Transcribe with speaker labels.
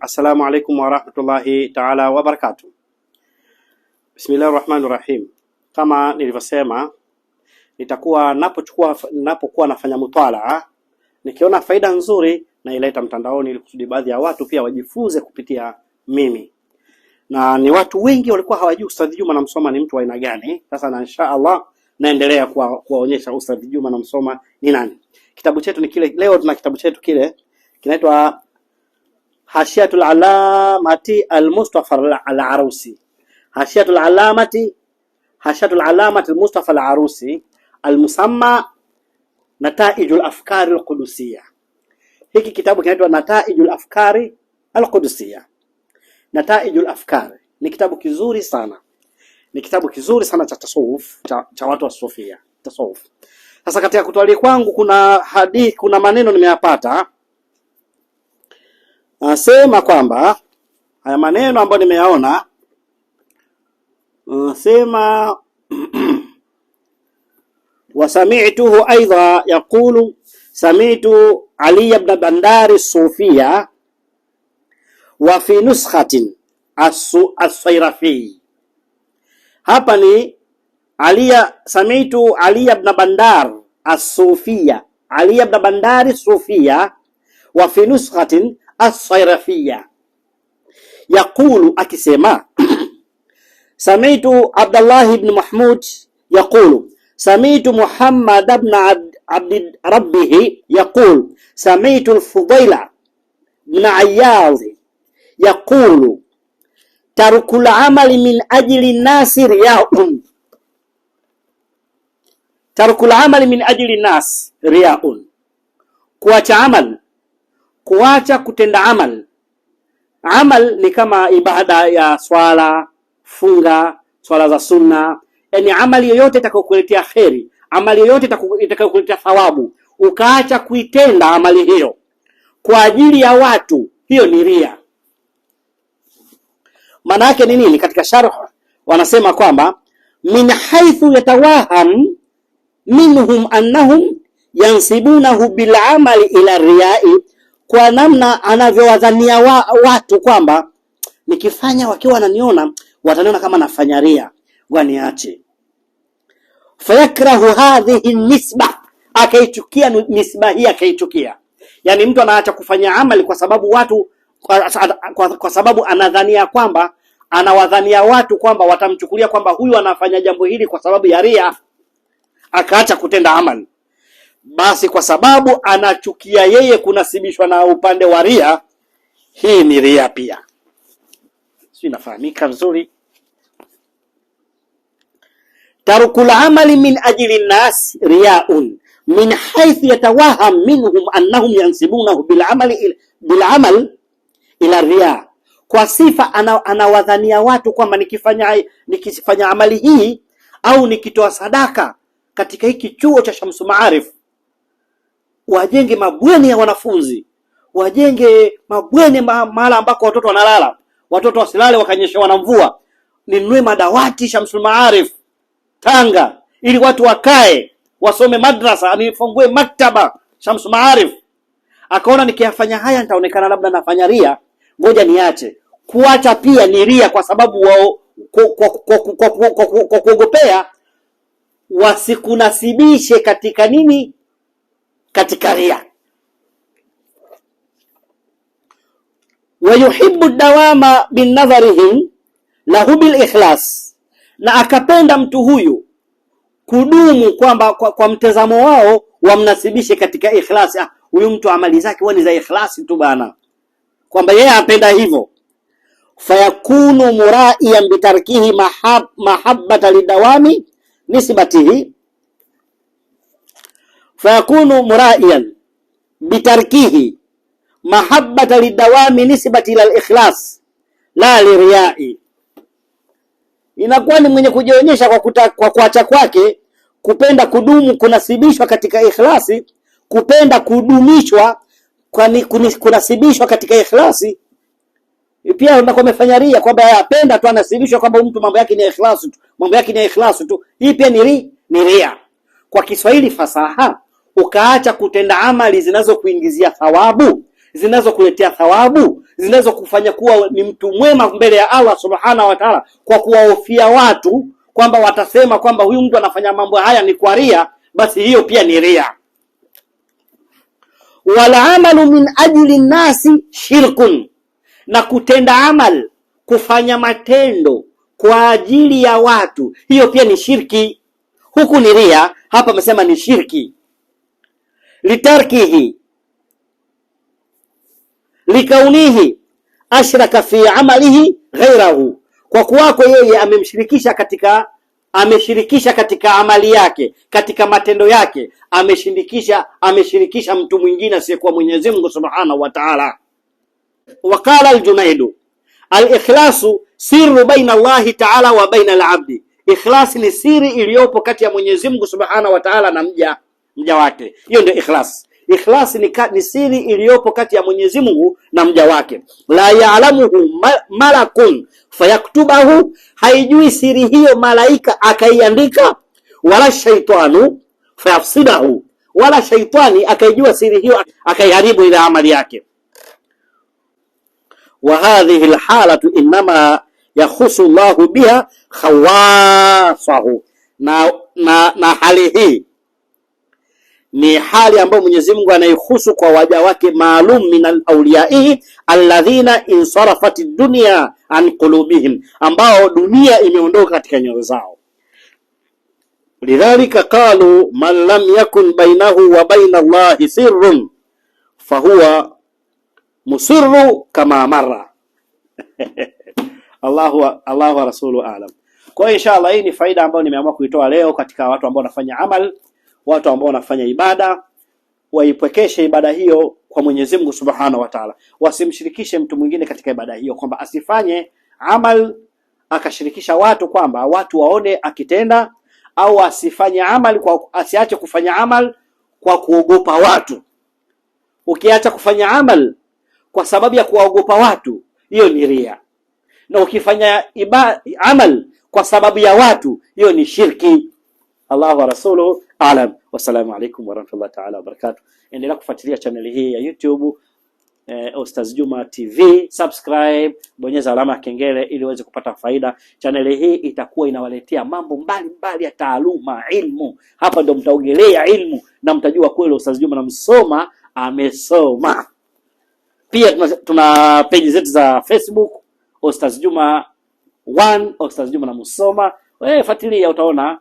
Speaker 1: assalamu alaikum warahmatullahi taala wabarakatu Bismillahi rahmani rahim. Kama nilivyosema, nitakuwa napochukua napokuwa nafanya mutwala nikiona faida nzuri naileta mtandaoni, ili kusudi baadhi ya watu pia wajifunze kupitia mimi, na ni watu wengi walikuwa hawajui Ustadhi Juma na Msoma ni mtu wa aina gani. Sasa na insha Allah naendelea kuwaonyesha Ustadhi Juma na Msoma ni nani. Kitabu chetu ni kile, leo tuna kitabu chetu kile kinaitwa hashiatul alamati almustafa alarusi hashiatul alamati hashiatul alamati almustafa alarusi almusamma nataijul afkari alqudusiya. Hiki kitabu kinaitwa nataijul afkari alqudusiya. Nataijul afkari ni kitabu kizuri sana, ni kitabu kizuri sana cha tasawuf cha, cha watu wa sufia tasawuf. Sasa katika kutwali kwangu kuna hadithi, kuna maneno nimeyapata Anasema kwamba haya maneno ambayo nimeyaona, anasema wasamituhu aidha yaqulu samitu Ali ibn Bandari Sufia wa fi nuskhatin as-Sayrafi. Hapa ni Aliya, samitu Ali ibn Bandar as-Sufia, Ali ibn Bandari Sufia wa fi nuskhatin Assairafia yaqulu, akisema samitu Abdallah ibn Mahmud yaqulu samitu Muhammad ibn abdi rabbihi yaqul samitu al-Fudaila ibn Ayyaz yaqulu tarkul amali min ajli nasi riyaun, tarkul amali min ajli nasi riyaun, kuacha amal kuacha kutenda amal. Amal ni kama ibada ya swala, funga, swala za sunna, yani amali yoyote itakayokuletea kheri, amali yoyote itakayokuletea thawabu, ukaacha kuitenda amali hiyo kwa ajili ya watu, hiyo ni ria. Maana yake ni nini? Katika sharh wanasema kwamba min haithu yatawaham minhum annahum yansibunahu bil amali ila riyai kwa namna anavyowadhania wa, watu kwamba nikifanya wakiwa wananiona wataniona kama nafanya ria, waniache. Fayakrahu hadhihi nisba, akaichukia nisba hii, akaichukia. Yani mtu anaacha kufanya amali kwa sababu watu kwa, kwa, kwa sababu anadhania kwamba anawadhania watu kwamba watamchukulia kwamba huyu anafanya jambo hili kwa sababu ya ria, akaacha kutenda amali basi kwa sababu anachukia yeye kunasibishwa na upande wa ria, hii ni ria pia. si inafahamika vizuri? Tarukul amali min ajli nnas riaun min haythu yatawaham minhum annahum yansibunahu bil amali bil amal ila ria, kwa sifa anawadhania watu kwamba nikifanya nikifanya amali hii au nikitoa sadaka katika hiki chuo cha Shamsu Maarif wajenge mabweni ya wanafunzi, wajenge mabweni mahala ambako watoto wanalala, watoto wasilale wakanyeshewa na mvua. Ninunue madawati Shamsul Maarif Tanga ili watu wakae wasome madrasa, nifungue maktaba Shamsul Maarif. Akaona nikiyafanya haya nitaonekana labda nafanya ria, ngoja niache. Kuacha pia ni ria, kwa sababu wao kwa kuogopea wasikunasibishe katika nini katika ria. Wayuhibu dawama binadharihim lahu bilikhlas, na akapenda mtu huyu kudumu kwamba kwa, kwa mtazamo wao wamnasibishe katika ikhlasi. Ah, huyu mtu amali zake huwa ni za ikhlasi tu bana, kwamba yeye apenda hivyo. Fayakunu muraiyan bitarkihi mahabbata lidawami nisbatihi fayakunu muraiyan bitarkihi mahabbata lidawami nisbati ila likhlas la liriai, inakuwa ni mwenye kujionyesha kwa kuta, kwa kuacha kwake kupenda kudumu kunasibishwa katika ikhlasi, kupenda kudumishwa kwani kunasibishwa katika ikhlasi. E, pia anakuwa amefanya ria kwamba apenda tu, anasibishwa kwamba mtu mambo yake ni ikhlasi tu, mambo yake ni ikhlasi tu. Hii pia ni ri, ni ria kwa Kiswahili fasaha ukaacha kutenda amali zinazokuingizia thawabu, zinazokuletea thawabu, zinazokufanya kuwa ni mtu mwema mbele ya Allah subhanahu wa taala, kwa kuwahofia watu kwamba watasema kwamba huyu mtu anafanya mambo haya ni kwa ria, basi hiyo pia ni ria. Wala amalu min ajli nnasi shirkun, na kutenda amal, kufanya matendo kwa ajili ya watu, hiyo pia ni shirki. Huku ni ria, hapa amesema ni shirki litarkihi likaunihi ashraka fi amalihi ghairahu, kwa kuwako yeye amemshirikisha katika ameshirikisha katika amali yake katika matendo yake ameshindikisha ameshirikisha mtu mwingine asiyekuwa Mwenyezi Mungu Subhanahu wa Ta'ala. Waqala al-Junaidu al-ikhlasu sirru baina Allahi Ta'ala wa baina al-abdi, ikhlasi ni siri iliyopo kati ya Mwenyezi Mungu Subhanahu wa Ta'ala na mja mja wake. Hiyo ndio ikhlas. Ikhlas ni, ka, ni siri iliyopo kati ya Mwenyezi Mungu na mja wake. la yaalamuhu malakun fayaktubahu, haijui siri hiyo malaika akaiandika, wala shaitanu fayafsidahu, wala shaitani akaijua siri hiyo akaiharibu ile amali yake. wa hadhihi lhalatu innama yakhusu llahu biha khawasahu, na, na, na hali hii ni hali ambayo Mwenyezi Mungu anaihusu kwa waja wake maalum, min auliyaihi alladhina insarafat dunya an qulubihim, ambao dunia imeondoka katika nyoyo zao. Lidhalika qalu man lam yakun bainahu wa baina llahi sirrun fahuwa musirru kama mara Allahu Allahu rasulu alam. Kwa hiyo inshallah, hii ni faida ambayo nimeamua kuitoa leo katika watu ambao wanafanya amal watu ambao wanafanya ibada waipwekeshe ibada hiyo kwa Mwenyezi Mungu Subhanahu wa Ta'ala, wasimshirikishe mtu mwingine katika ibada hiyo, kwamba asifanye amal akashirikisha watu, kwamba watu waone akitenda, au asifanye amal kwa, asiache kufanya amal kwa kuogopa watu. Ukiacha kufanya amal kwa sababu ya kuwaogopa watu, hiyo ni ria, na ukifanya iba, amal kwa sababu ya watu, hiyo ni shirki. Allah wa rasuluhu alam. Wassalamu alaikum warahmatullahi taala wabarakatuh. Endelea kufuatilia chaneli hii ya YouTube eh, Ostaz Juma TV. Subscribe, bonyeza alama ya kengele ili uweze kupata faida. Chaneli hii itakuwa inawaletea mambo mbalimbali mbali ya taaluma ilmu. Hapa ndo mtaogelea ilmu na mtajua kweli Ostaz Juma na msoma amesoma. Pia tuna, tuna peji zetu za Facebook Ostaz Juma 1 Ostaz Juma na msoma. Wewe fuatilia utaona